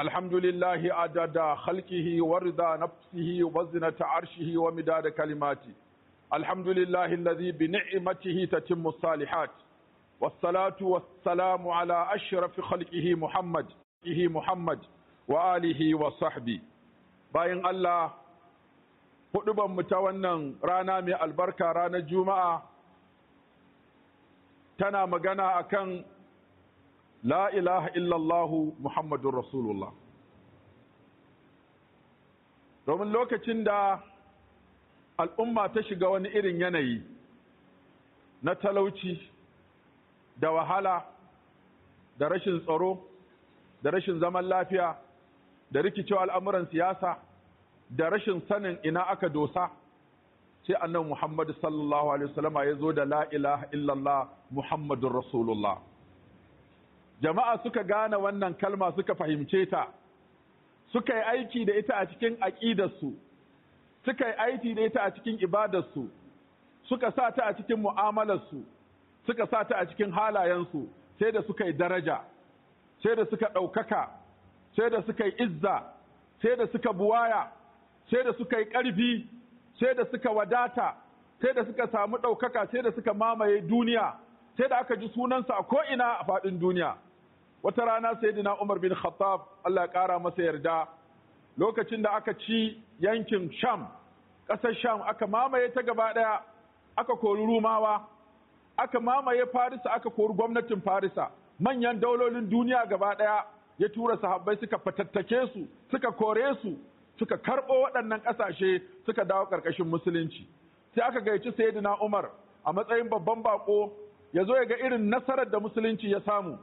الحمد لله عدد خلقه ورضا نفسه وزنة عرشه ومداد كلماته الحمد لله الذي بنعمته تتم الصالحات والصلاة والسلام على أشرف خلقه محمد إه محمد وآله وصحبه باين الله huduban mu ta wannan rana mai albarka ranar juma'a tana magana akan la ilaha illallahu muhammadun rasulullah domin lokacin da al'umma ta shiga wani irin yanayi na talauci da wahala da rashin tsaro da rashin zaman lafiya da rikicin al'amuran siyasa da rashin sanin ina aka dosa sai annan muhammadu sallallahu alaihi wasallama ya zo da la ilaha illallah muhammadun rasulullah jama'a suka gane wannan kalma suka fahimce ta suka yi aiki da ita a cikin aƙidarsu suka yi aiki da ita a cikin ibadarsu suka sa ta a cikin mu'amalarsu suka sa ta a cikin halayensu sai da suka yi daraja sai da suka ɗaukaka sai da suka yi izza sai da suka buwaya sai da suka yi ƙarfi sai da suka wadata sai da suka samu ɗaukaka sai da suka mamaye duniya sai da aka ji sunansa a ko'ina a faɗin duniya wata rana saidina Umar bin Khattab Allah ya kara masa yarda lokacin da aka ci yankin Sham ƙasar Sham aka mamaye ta gaba ɗaya aka kori Rumawa aka mamaye Farisa aka kori gwamnatin Farisa manyan daulolin duniya gaba ɗaya ya tura sahabbai suka fatattake su suka kore su suka karɓo waɗannan ƙasashe suka dawo ƙarƙashin musulunci sai aka gaici sayyidina Umar a matsayin babban baƙo ya zo ya ga irin nasarar da musulunci ya samu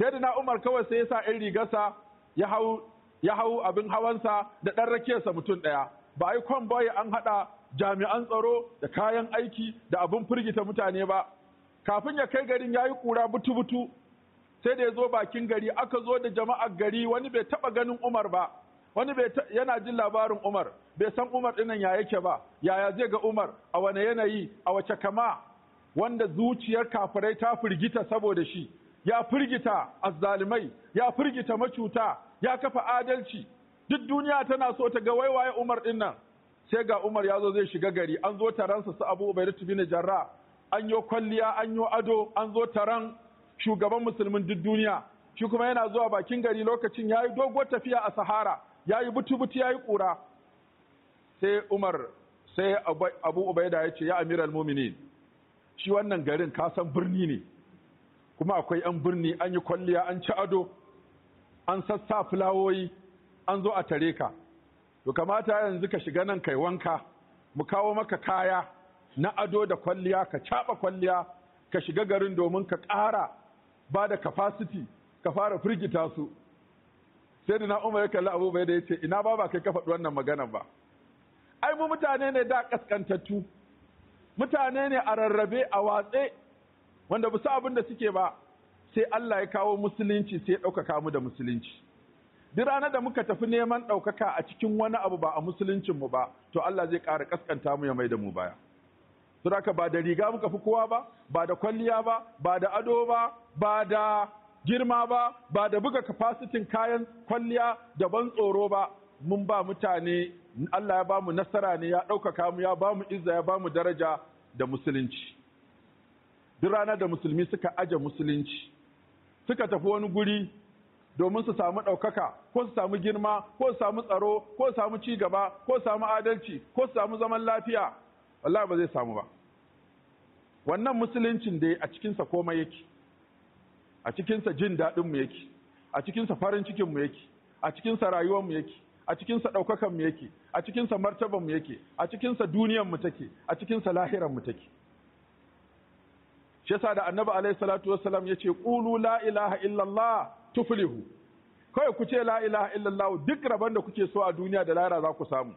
sai da na umar kawai sai ya sa ɗan rigarsa ya hau abin hawansa da ɗan rakiyarsa mutum ɗaya ba a yi kwan baya an haɗa jami'an tsaro da kayan aiki da abin firgita mutane ba kafin ya kai garin ya yi ƙura butu-butu sai da ya zo bakin gari aka zo da jama'ar gari wani bai taɓa ganin umar ba wani yana jin labarin umar bai san umar ɗinnan ya yake ba yaya zai ga umar a wane yanayi a wace kama wanda zuciyar kafirai ta firgita saboda shi ya firgita azzalimai ya firgita macuta ya kafa adalci duk duniya tana so ta ga waiwaye Umar din nan sai ga Umar ya zo zai shiga gari an zo taransa su Abu Ubaidah bin Jarrah an yo kwalliya an yo ado an zo taran shugaban musulmin duk duniya shi kuma yana zuwa bakin gari lokacin yayi doguwar tafiya a Sahara yayi butu-butu yayi kura sai Umar sai Abu Ubaida ya ce ya Amiral Mu'minin shi wannan garin ka san birni ne kuma akwai 'yan birni an yi kwalliya an ci ado an sassa fulawoyi an zo a tare ka to kamata yanzu ka shiga nan kai wanka mu kawo maka kaya na ado da kwalliya ka caɓa kwalliya ka shiga garin domin ka ƙara ba da kafasiti ka fara firgita su sai da na umar ya kalli abubuwa da ya ce ina ba ba kai ka faɗi wannan magana ba ai mu mutane ne da ƙasƙantattu mutane ne a rarrabe a watse wanda ba su abin da suke ba sai Allah ya kawo musulunci sai ya ɗaukaka mu da musulunci duk ranar da muka tafi neman ɗaukaka a cikin wani abu ba a musuluncin mu ba to Allah zai ƙara ƙasƙanta mu ya mai da mu baya haka ba da riga muka fi kowa ba ba da kwalliya ba ba da ado ba ba da girma ba ba da buga kafasitin kayan kwalliya da ban tsoro ba mun ba mutane Allah ya ba mu nasara ne ya ɗaukaka mu ya ba mu izza ya ba mu daraja da musulunci duk ranar da musulmi suka aje musulunci suka tafi wani guri domin su samu ɗaukaka ko su samu girma ko su samu tsaro ko su samu ci gaba ko su samu adalci ko su samu zaman lafiya wallahi ba zai samu ba wannan musuluncin da a cikinsa komai yake a cikinsa jin daɗinmu yake a cikinsa farin cikinmu yake a cikinsa rayuwarmu yake a cikinsa ɗaukakanmu yake a cikinsa martabanmu yake a cikinsa duniyarmu take a cikinsa lahiranmu take shi yasa da annabi alaihi salatu wasalam yace qulu la ilaha illallah tuflihu kawai ku ce la ilaha illallah duk rabon da kuke so a duniya da lara za ku samu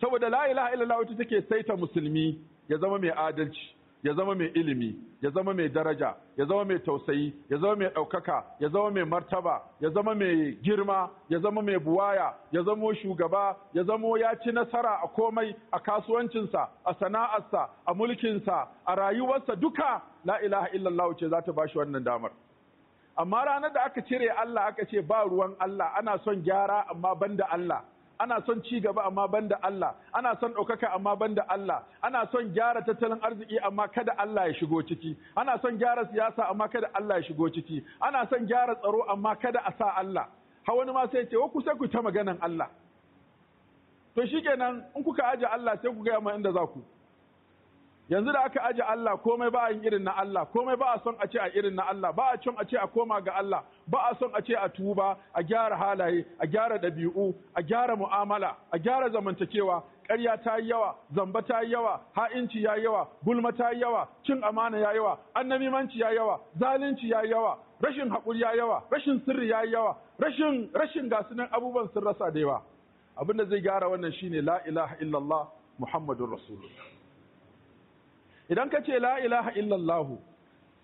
saboda la ilaha illallah ita take saita musulmi ya zama mai adalci ya zama mai ilimi ya zama mai daraja ya zama mai tausayi ya zama mai ɗaukaka ya zama mai martaba ya zama mai girma ya zama mai buwaya ya zama shugaba ya zama ya ci nasara a komai a kasuwancinsa a sana'arsa a mulkinsa a rayuwarsa duka la ilaha illallah ce za ta ba shi wannan damar amma ranar da aka cire Allah aka ce ba ruwan Allah ana son gyara amma banda Allah ana son ci gaba amma banda Allah ana son ɗaukaka amma banda Allah ana son gyara tattalin arziki amma kada Allah ya shigo ciki ana son gyara siyasa amma kada Allah ya shigo ciki ana son gyara tsaro amma kada a sa Allah ha wani ma sai ce wa ku sai ku ta maganan Allah to shikenan in kuka aje Allah sai ku ga ma inda za ku yanzu da aka aje Allah komai ba a yin irin na Allah komai ba a son a ce a irin na Allah ba a son a ce a koma ga Allah ba a son a ce a tuba a gyara halaye a gyara ɗabi'u a gyara mu'amala a gyara zamantakewa ƙarya ta yi yawa zamba ta yi yawa ha'inci ya yawa gulma ta yi yawa cin amana ya yawa annabimanci ya yawa zalunci ya yawa rashin haƙuri ya yawa rashin sirri ya yawa rashin rashin gasunan abubuwan sun rasa da yawa abin da zai gyara wannan shine la ilaha illallah muhammadur rasulullah idan ka ce la ilaha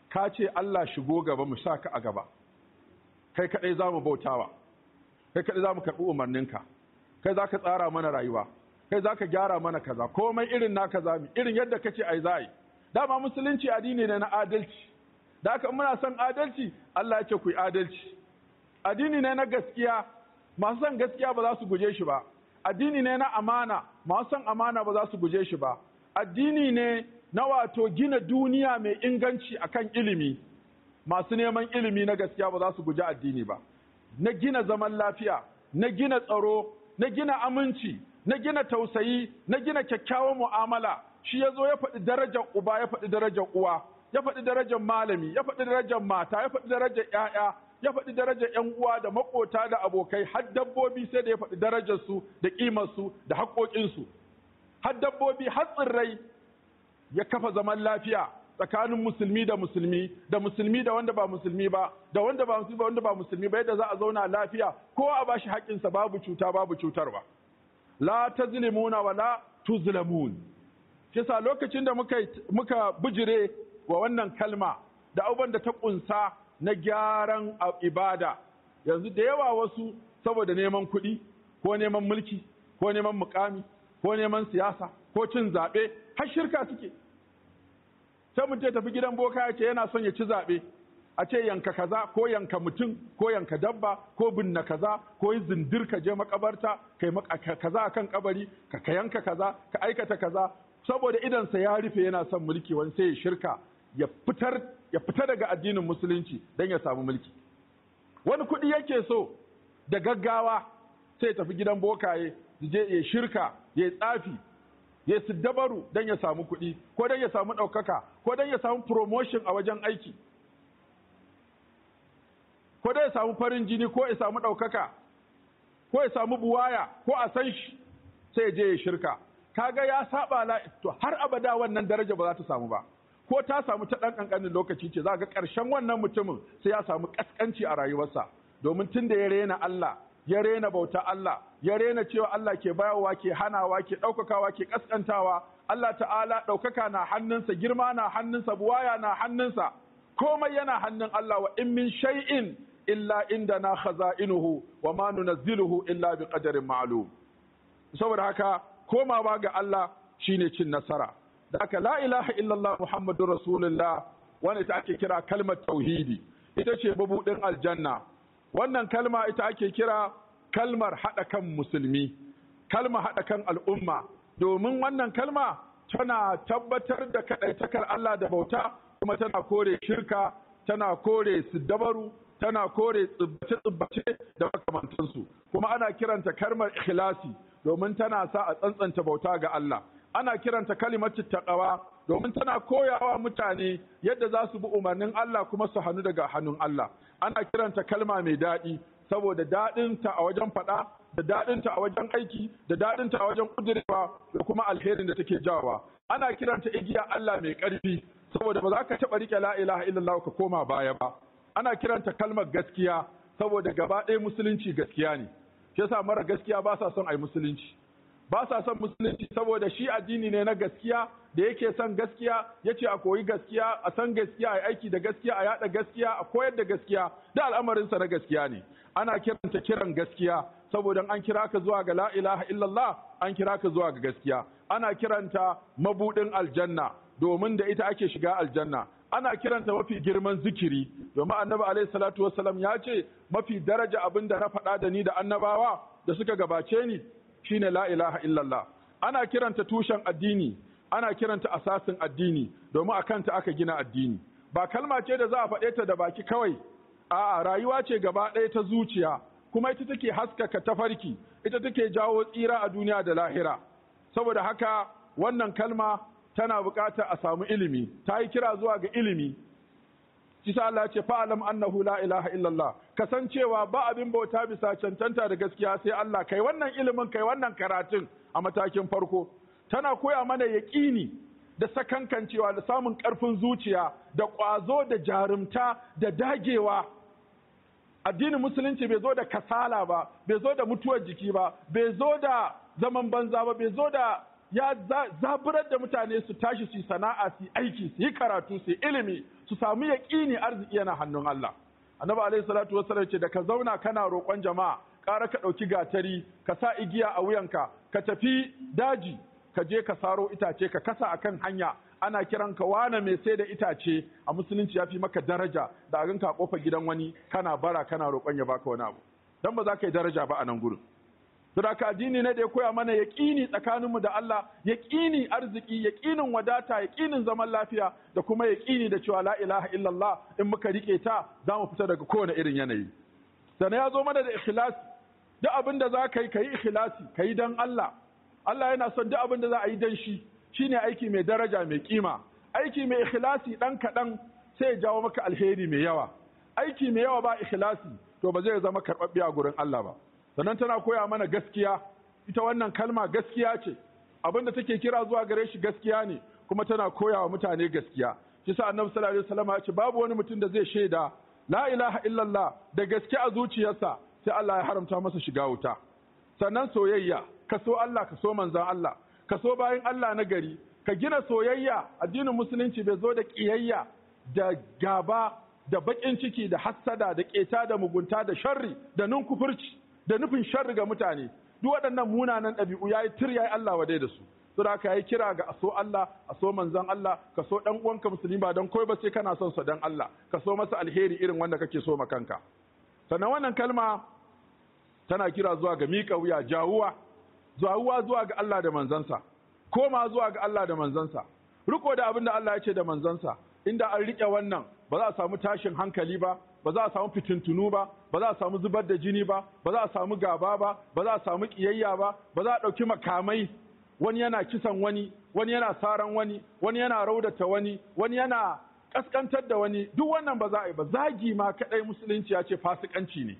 ka ce Allah shigo gaba mu sa ka a gaba kai kaɗai za mu bautawa kai kaɗai za mu karɓi umarninka kai za ka tsara mana rayuwa kai za ka gyara mana kaza komai irin na kaza mi irin yadda ka ce ai za dama musulunci addini ne na adalci da aka muna son adalci Allah ya ce ku yi adalci addini ne na gaskiya masu son gaskiya ba za su guje shi ba addini ne na amana masu son amana ba za su guje shi ba addini ne na wato gina duniya mai inganci a kan ilimi masu neman ilimi na gaskiya ba za su guji addini ba na gina zaman lafiya na gina tsaro na gina aminci na gina tausayi na gina kyakkyawan mu'amala shi ya zo ya faɗi darajar uba ya faɗi darajar uwa ya faɗi darajar malami ya faɗi darajar mata ya faɗi darajar 'ya'ya ya faɗi darajar 'yan uwa da maƙota da abokai har dabbobi sai da ya faɗi darajar su da su da su har dabbobi har tsirrai ya kafa zaman lafiya tsakanin musulmi da musulmi da musulmi da wanda ba musulmi ba da wanda ba musulmi ba wanda ba musulmi ba yadda za a zauna lafiya ko a bashi haƙƙinsa babu cuta babu cutarwa la tazlimuna wa la tuzlamun kisa lokacin da muka muka bijire wa wannan kalma da abubuwan da ta kunsa na gyaran ibada yanzu da yawa wasu saboda neman kuɗi ko neman mulki ko neman mukami ko neman siyasa ko cin zaɓe har shirka suke sai mutum tafi gidan boka ya ce yana son ya ci zaɓe a ce yanka kaza ko yanka mutum ko yanka dabba ko binna kaza ko yi zindir ka je makabarta yi kaza kan kabari ka ka yanka kaza ka aikata kaza saboda idansa ya rufe yana son mulki wani sai ya shirka ya fita daga addinin musulunci don ya samu mulki wani kuɗi yake so da gaggawa sai ya tafi gidan bokaye je ya shirka ya tsafi ya su dabaru don ya samu kuɗi ko don ya samu ɗaukaka ko don ya samu promotion a wajen aiki ko don ya samu farin jini ko ya samu ɗaukaka ko ya samu buwaya ko a san shi sai ya je ya shirka kaga ya saba la to har abada wannan daraja ba za ta samu ba ko ta samu ta ɗan ƙanƙanin lokaci ce za ga ƙarshen wannan mutumin sai ya samu ƙasƙanci a rayuwarsa domin tun da ya rena Allah ya rena bauta Allah ya rena cewa Allah ke bayarwa ke hanawa ke ɗaukakawa ke ƙasƙantawa Allah ta'ala ɗaukaka na hannunsa girma na hannunsa buwaya na hannunsa komai yana hannun Allah wa in min shay'in illa indana khaza'inuhu wa ma nunazziluhu illa bi qadarin ma'lum saboda haka komawa ga Allah shine cin nasara da haka la ilaha illallah muhammadur rasulullah wanda ita ake kira kalmar tauhidi ita ce mabuɗin aljanna wannan kalma ita ake kira kalmar haɗa kan musulmi kalmar haɗa kan al'umma domin wannan kalma tana tabbatar da kaɗaitakar Allah da bauta kuma tana kore shirka tana kore siddabaru tana kore tsibbace-tsibbace da makamantansu kuma ana kiranta kalmar ikhlasi domin tana sa a tsantsanta bauta ga Allah ana kiranta kalimatu taqawa domin tana koyawa mutane yadda za su bi umarnin Allah kuma su hannu daga hannun Allah ana kiranta kalma mai daɗi saboda daɗinta a wajen faɗa da daɗinta a wajen aiki da daɗinta a wajen kudurewa da kuma alherin da take jawa ana kiranta igiya Allah mai ƙarfi saboda ba za ka taɓa riƙe la ilaha illallah ka koma baya ba ana kiranta kalmar gaskiya saboda gaba ɗaya musulunci gaskiya ne shi yasa mara gaskiya ba sa son ai musulunci ba sa son musulunci saboda shi addini ne na gaskiya da yake son gaskiya ya ce a koyi gaskiya a san gaskiya a aiki da gaskiya a yaɗa gaskiya a koyar da gaskiya da al'amarinsa na gaskiya ne ana kiranta kiran gaskiya saboda an kira ka zuwa ga la ilaha illallah an kira ka zuwa ga gaskiya ana kiranta mabudin aljanna domin da ita ake shiga aljanna ana kiranta mafi girman zikiri domin annabi alaihi salatu wassalam ya ce mafi daraja abin da na faɗa da ni da annabawa da suka gabace ni shine la ilaha illallah ana kiranta tushen addini ana kiranta asasin addini domin a kanta aka gina addini ba kalma ce da za a faɗe ta da baki kawai a'a rayuwa ce gaba ɗaya ta zuciya kuma ita take haskaka ta farki, ita take jawo tsira a duniya da lahira saboda haka wannan kalma tana buƙatar a samu ilimi ta yi kira zuwa ga ilimi shi sa Allah ce fa'alam annahu la ilaha illallah kasancewa ba abin bauta bisa cancanta da gaskiya sai Allah kai wannan ilimin kai wannan karatun a matakin farko tana koya mana yaƙini da sakankancewa da samun ƙarfin zuciya da ƙwazo da jarumta da dagewa addinin musulunci bai zo da kasala ba bai zo da mutuwar jiki ba bai zo da zaman banza ba bai zo da ya zaburar da mutane su tashi su sana'a su aiki su yi karatu su ilimi su samu yaƙini arziki yana hannun Allah annabi alaihi salatu wasallam ce da ka zauna kana roƙon jama'a ƙara ka ɗauki gatari ka sa igiya a wuyanka ka tafi daji ka je ka saro itace ka kasa akan hanya ana kiran ka wane mai sai da itace a musulunci ya fi maka daraja da a ganka kofa gidan wani kana bara kana roƙon ya baka wani abu dan ba za ka yi daraja ba a nan gurin da addini ne da ya koya mana yaƙini tsakaninmu da Allah, yaƙini arziki, yaƙinin wadata, yaƙinin zaman lafiya da kuma yaƙini da cewa la ilaha illallah in muka riƙe ta za mu fita daga kowane irin yanayi. Sannan ya zo mana da ikhlasi, duk abin da za ka yi ka yi ikhlasi, ka yi don Allah. Allah yana son duk abin da za a yi don shi, Shi ne aiki mai daraja mai kima aiki mai ikhlasi ɗan kaɗan sai ya jawo maka alheri mai yawa aiki mai yawa ba ikhlasi to ba zai zama karɓaɓɓe a gurin Allah ba sannan tana koya mana gaskiya ita wannan kalma gaskiya ce abinda take kira zuwa gare shi gaskiya ne kuma tana koya wa mutane gaskiya shi sa annabi sallallahu alaihi wasallam ya ce babu wani mutum da zai shaida la ilaha illallah da gaske a zuciyarsa sai Allah ya haramta masa shiga wuta sannan soyayya ka so Allah ka so manzon Allah ka so bayan Allah na gari ka gina soyayya addinin musulunci bai zo da ƙiyayya da gaba da baƙin ciki da hassada da ƙeta da mugunta da sharri da kufurci da nufin sharri ga mutane duk waɗannan munanan ɗabi'u yayi tir yayi Allah wadai da su to da yi kira ga aso Allah aso manzon Allah ka so dan uwanka musulmi ba dan koi ba sai kana son sa dan Allah ka so masa alheri irin wanda kake so ma kanka sannan wannan kalma tana kira zuwa ga miƙa wuya jawuwa zuwa zuwa ga Allah da manzansa koma zuwa ga Allah da manzansa riko da abin da Allah ya ce da manzansa inda an rike wannan ba za a samu tashin hankali ba ba za a samu fitintunu ba ba za a samu zubar da jini ba ba za a samu gaba ba ba za a samu ƙiyayya ba ba za a ɗauki makamai wani yana kisan wani wani yana saran wani wani yana raudata wani wani yana kaskantar da wani duk wannan ba za a yi ba zagi ma kaɗai musulunci ya ce fasikanci ne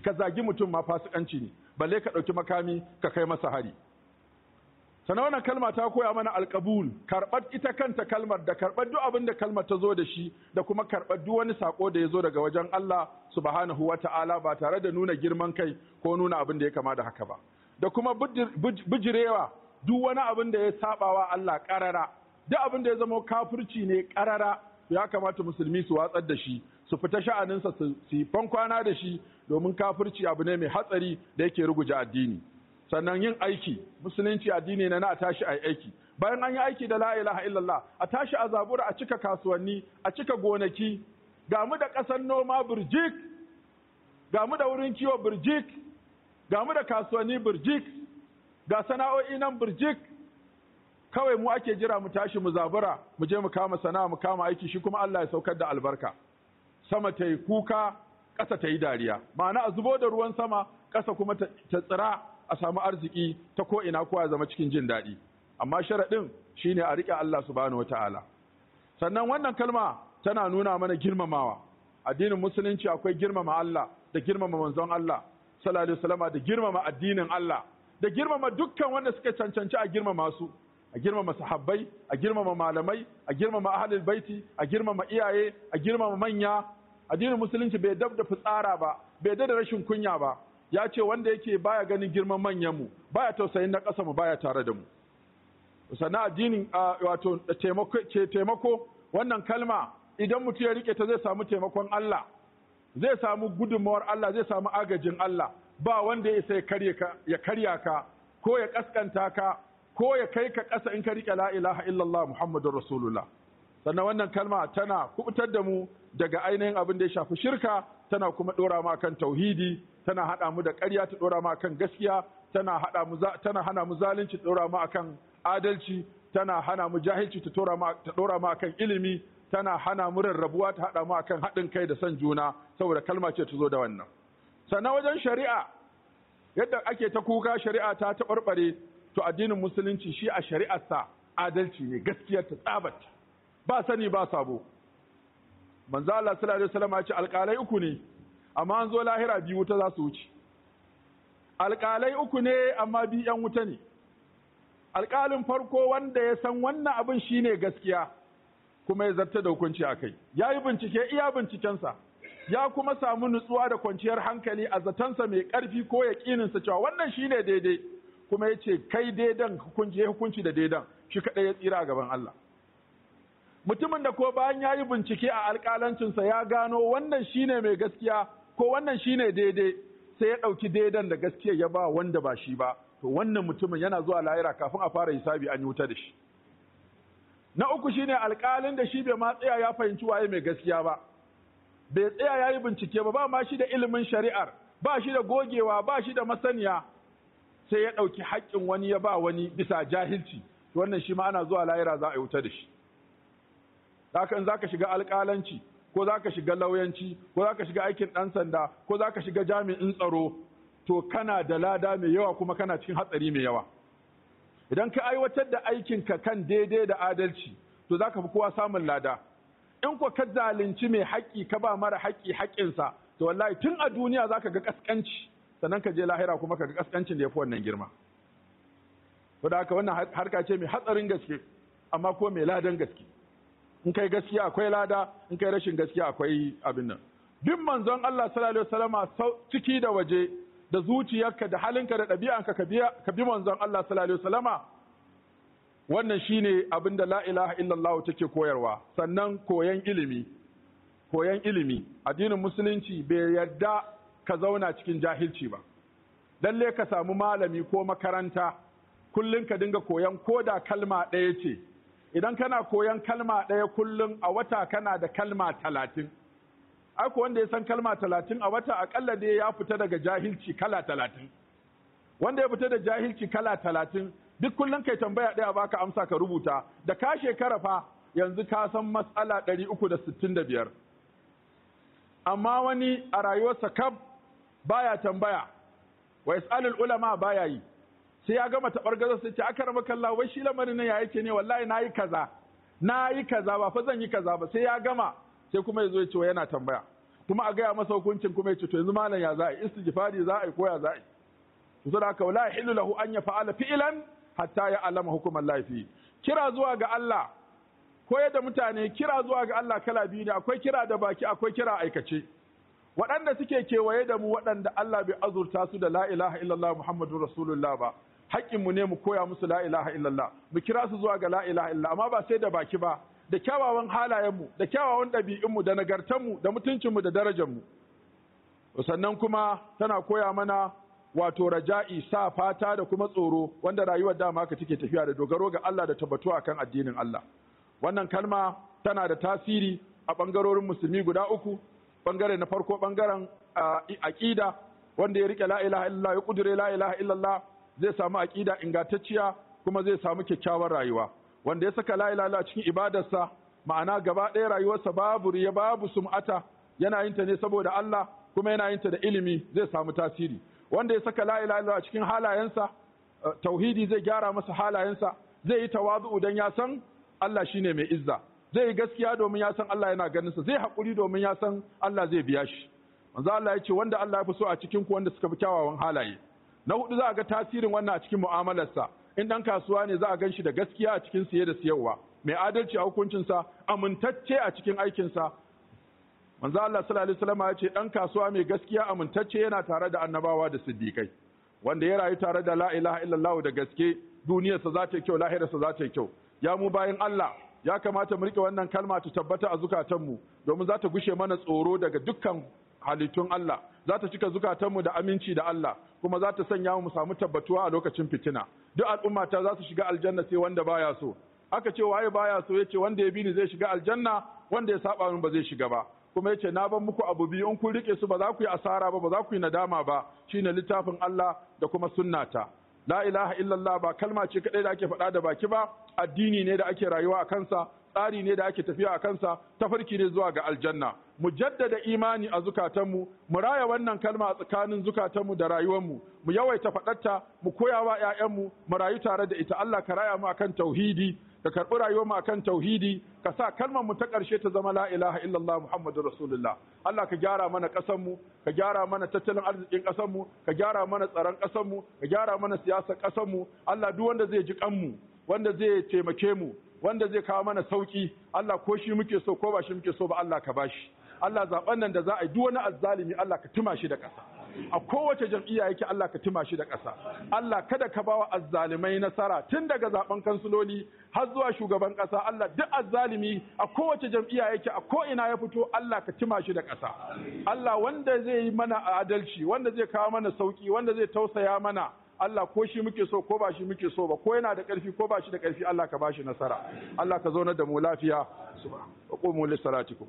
ka zagi mutum ma fasikanci ne balle ka ɗauki makami ka kai masa hari sana wannan kalma ta koya mana alkabul karɓar ita kanta kalmar da karɓar duk abin da kalmar ta zo da shi da kuma karɓar duk wani sako da ya zo daga wajen Allah subhanahu wa ta'ala ba tare da nuna girman kai ko nuna abin da ya kama da haka ba da kuma bijirewa duk wani abin da ya sabawa Allah ƙarara duk abin da ya zama kafirci ne ƙarara ya kamata musulmi su watsar da shi su fita sha'aninsa su yi kwana da shi domin kafirci abu ne mai hatsari da yake ruguje addini sannan yin aiki musulunci addini ne na a tashi a aiki bayan an yi aiki da la ilaha illallah a tashi a zabura a cika kasuwanni a cika gonaki ga mu da ƙasar noma burjik ga da wurin kiwo burjik ga da kasuwanni burjik ga sana'o'i nan burjik kawai mu ake jira mu tashi mu zabura mu je mu kama sana'a mu kama aiki shi kuma Allah ya saukar da albarka sama ta yi kuka ƙasa ta yi dariya ma'ana a zubo da ruwan sama ƙasa kuma ta tsira a samu arziki ta ko ina kowa zama cikin jin daɗi amma sharaɗin shi ne a riƙe Allah subhanahu wataala sannan wannan kalma tana nuna mana girmamawa addinin musulunci akwai girmama Allah da girmama manzon Allah sallallahu alaihi da girmama addinin Allah da girmama dukkan wanda suka cancanci a girmama su a girmama sahabbai a girmama malamai a girmama ahlul baiti a girmama iyaye a girmama manya addinin musulunci bai dab da fitsara ba bai da rashin kunya ba ya ce wanda yake baya ganin girman manyan mu baya tausayin na ƙasa mu baya tare da mu sannan addinin wato taimako wannan kalma idan mutum ya rike ta zai samu taimakon Allah zai samu gudunmawar Allah zai samu agajin Allah ba wanda ya isa ya karya ka ko ya kaskanta ka ko ya kai ka ƙasa in ka rike la ilaha illallah muhammadur rasulullah sannan wannan kalma tana kubutar da mu daga ainihin abin da ya shafi shirka tana kuma dora mu akan tauhidi tana hada mu da ƙarya ta dora mu akan gaskiya tana hada mu tana hana mu zalunci ta dora mu akan adalci tana hana mu jahilci ta dora mu ta dora mu akan ilimi tana hana mu rarrabuwa ta hada mu akan haɗin kai da son juna saboda kalma ce ta zo da wannan sannan wajen shari'a yadda ake ta kuka shari'a ta taɓarɓare to addinin musulunci shi a shari'arsa adalci ne gaskiyar ta tsabarta ba sani ba sabo manzo Allah sallallahu alaihi wasallam ya ce alƙalai uku ne amma an zo lahira biyu wuta za su wuce alƙalai uku ne amma bi yan wuta ne alƙalin farko wanda ya san wannan abin shine gaskiya kuma ya zarta da hukunci a kai ya yi bincike iya bincikensa ya kuma samu nutsuwa da kwanciyar hankali a zatansa mai ƙarfi ko ya ƙininsa cewa wannan shine daidai kuma ya ce kai daidan hukunci hukunci da daidan shi kaɗai ya tsira a gaban Allah mutumin da ko bayan ya yi bincike a alƙalancinsa ya gano wannan shine mai gaskiya ko wannan shine daidai sai ya ɗauki daidan da gaskiya ya ba wanda ba shi ba to wannan mutumin yana zuwa lahira kafin a fara hisabi an yi wuta da shi na uku shine alƙalin da shi bai ma tsaya ya fahimci waye mai gaskiya ba bai tsaya ya yi bincike ba ba ma shi da ilimin shari'ar ba shi da gogewa ba shi da masaniya sai ya ɗauki haƙƙin wani ya ba wani bisa jahilci wannan shi ma ana zuwa lahira za a yi wuta da shi haka in zaka shiga alƙalanci ko zaka shiga lauyanci ko zaka shiga aikin ɗan sanda ko zaka shiga jami'in tsaro to kana da lada mai yawa kuma kana cikin hatsari mai yawa idan ka aiwatar da aikin ka kan daidai da adalci to zaka fi kowa samun lada in ko ka zalunci mai haƙƙi ka ba mara haƙƙi haƙƙinsa to wallahi tun a duniya zaka ga kaskanci sannan ka je lahira kuma ka ga kaskancin da yafi wannan girma Ko da haka wannan harka ce mai hatsarin gaske amma ko mai ladan gaske in kai gaskiya akwai lada in kai rashin gaskiya akwai abin nan duk manzon Allah sallallahu alaihi wasallama ciki da waje da zuciyarka da halinka da ɗabi'anka ka bi manzon Allah sallallahu alaihi wasallama wannan shine abin da la ilaha illallah take koyarwa sannan koyan ilimi koyan ilimi addinin musulunci bai yarda ka zauna cikin jahilci ba lalle ka samu malami ko makaranta kullun ka dinga koyan koda kalma ɗaya ce idan kana koyan kalma ɗaya kullum a wata kana da kalma talatin aiko wanda ya san kalma talatin a wata akalla dai ya fita daga jahilci kala talatin wanda ya fita da jahilci kala talatin duk kullum kai tambaya ɗaya baka amsa ka rubuta da ka shekara fa yanzu ka san matsala ɗari uku da sittin da biyar amma wani a rayuwarsa kab baya tambaya wa is'alul ulama baya yi sai ya gama taɓar gaza sai ce aka rama kalla wai shi lamarin nan ya yake ne wallahi na yi kaza na yi kaza ba fa zan yi kaza ba sai ya gama sai kuma ya zo ya ce yana tambaya kuma a gaya masa hukuncin kuma ya ce to yanzu malam ya za a yi istijfari za a yi ko ya za a yi to saboda haka lahu an fa'ala fi'lan hatta ya alama hukuman lafi kira zuwa ga Allah koyar da mutane kira zuwa ga Allah kala biyu ne akwai kira da baki akwai kira aikace waɗanda suke kewaye da mu waɗanda Allah bai azurta su da la ilaha illallah muhammadur rasulullah ba haƙƙinmu ne mu koya musu la ilaha illallah mu kira su zuwa ga la ilaha illallah amma ba sai da baki ba da kyawawan halayenmu da kyawawan ɗabi'unmu da nagartanmu da mutuncinmu da darajarmu sannan kuma tana koya mana wato raja'i sa fata da kuma tsoro wanda rayuwar dama ka take tafiya da dogaro ga Allah da tabbatu akan addinin Allah wannan kalma tana da tasiri a bangarorin musulmi guda uku bangare na farko bangaren aqida wanda ya rike la ilaha illallah ya kudure la ilaha illallah zai samu aƙida ingantacciya kuma zai samu kyakkyawar rayuwa wanda ya saka la a cikin ibadarsa ma'ana gaba ɗaya rayuwarsa babu riya babu sum'ata yana yin ta ne saboda Allah kuma yana yin ta da ilimi zai samu tasiri wanda ya saka la a cikin halayensa eh, tauhidi zai gyara masa halayensa zai yi tawazu'u dan ya san Allah shine mai izza zai yi gaskiya domin ya san Allah yana ganin sa zai hakuri domin ya san Allah zai biya shi manzo Allah ya ce wanda Allah ya fi so a cikin ku wanda suka fi kyawawan halaye na hudu za a ga tasirin wannan a cikin mu'amalarsa in ɗan kasuwa ne za a gan shi da gaskiya a cikin siye da siyarwa mai adalci a hukuncinsa amintacce a cikin aikinsa manzo Allah sallallahu alaihi wasallam ya ce dan kasuwa mai gaskiya amintacce yana tare da annabawa da siddiqai wanda ya rayu tare da la ilaha illallah da gaske duniyarsa za ta yi kyau lahirarsa za ta yi kyau ya mu bayan Allah ya kamata mu rike wannan kalma ta tabbata a zukatanmu domin za ta gushe mana tsoro daga dukkan halittun Allah za ta cika zukatanmu da aminci da Allah kuma za ta sanya mu samu tabbatuwa a lokacin fitina duk al'umma ta za su shiga aljanna sai wanda baya so aka ce waye baya so yace wanda ya bi ni zai shiga aljanna wanda ya saba mun ba zai shiga ba kuma yace na ban muku abu biyu in kun rike su ba za ku yi asara ba ba za ku yi nadama ba shine littafin Allah da kuma sunnata la ilaha illallah ba kalma ce kadai da ake faɗa da baki ba addini ne da ake rayuwa a kansa tsari ne da ake tafiya a kansa tafarki ne zuwa ga aljanna mu jaddada imani a zukatanmu mu raya wannan kalma a tsakanin zukatanmu da rayuwanmu, mu yawaita faɗarta mu koyawa 'ya'yanmu mu rayu tare da ita Allah ka raya mu akan tauhidi ka karɓi rayuwar mu akan tauhidi ka sa kalmar mu ta ƙarshe ta zama la ilaha illallah muhammadur rasulullah Allah ka gyara mana ƙasar mu ka gyara mana tattalin arzikin ƙasar mu ka gyara mana tsaron ƙasar mu ka gyara mana siyasar ƙasar mu Allah duk wanda zai ji kan mu wanda zai taimake mu wanda zai kawo mana sauki Allah ko shi muke so ko ba shi muke so ba Allah ka bashi Allah zaɓen nan da za a yi duk wani azzalimi Allah ka tuma shi da ƙasa a kowace jam'iyya yake Allah ka tima shi da ƙasa Allah kada ka bawa azzalimai nasara tun daga zaben kansuloli har zuwa shugaban ƙasa Allah duk azzalimi a kowace jam'iyya yake a ko ina ya fito Allah ka tima shi da ƙasa Allah wanda zai yi mana adalci wanda zai kawo mana sauki wanda zai tausaya mana Allah ko shi muke so ko ba shi muke so ba ko yana da ƙarfi ko ba shi da ƙarfi Allah ka ba shi nasara Allah ka zauna da mu lafiya subhanahu wa qumu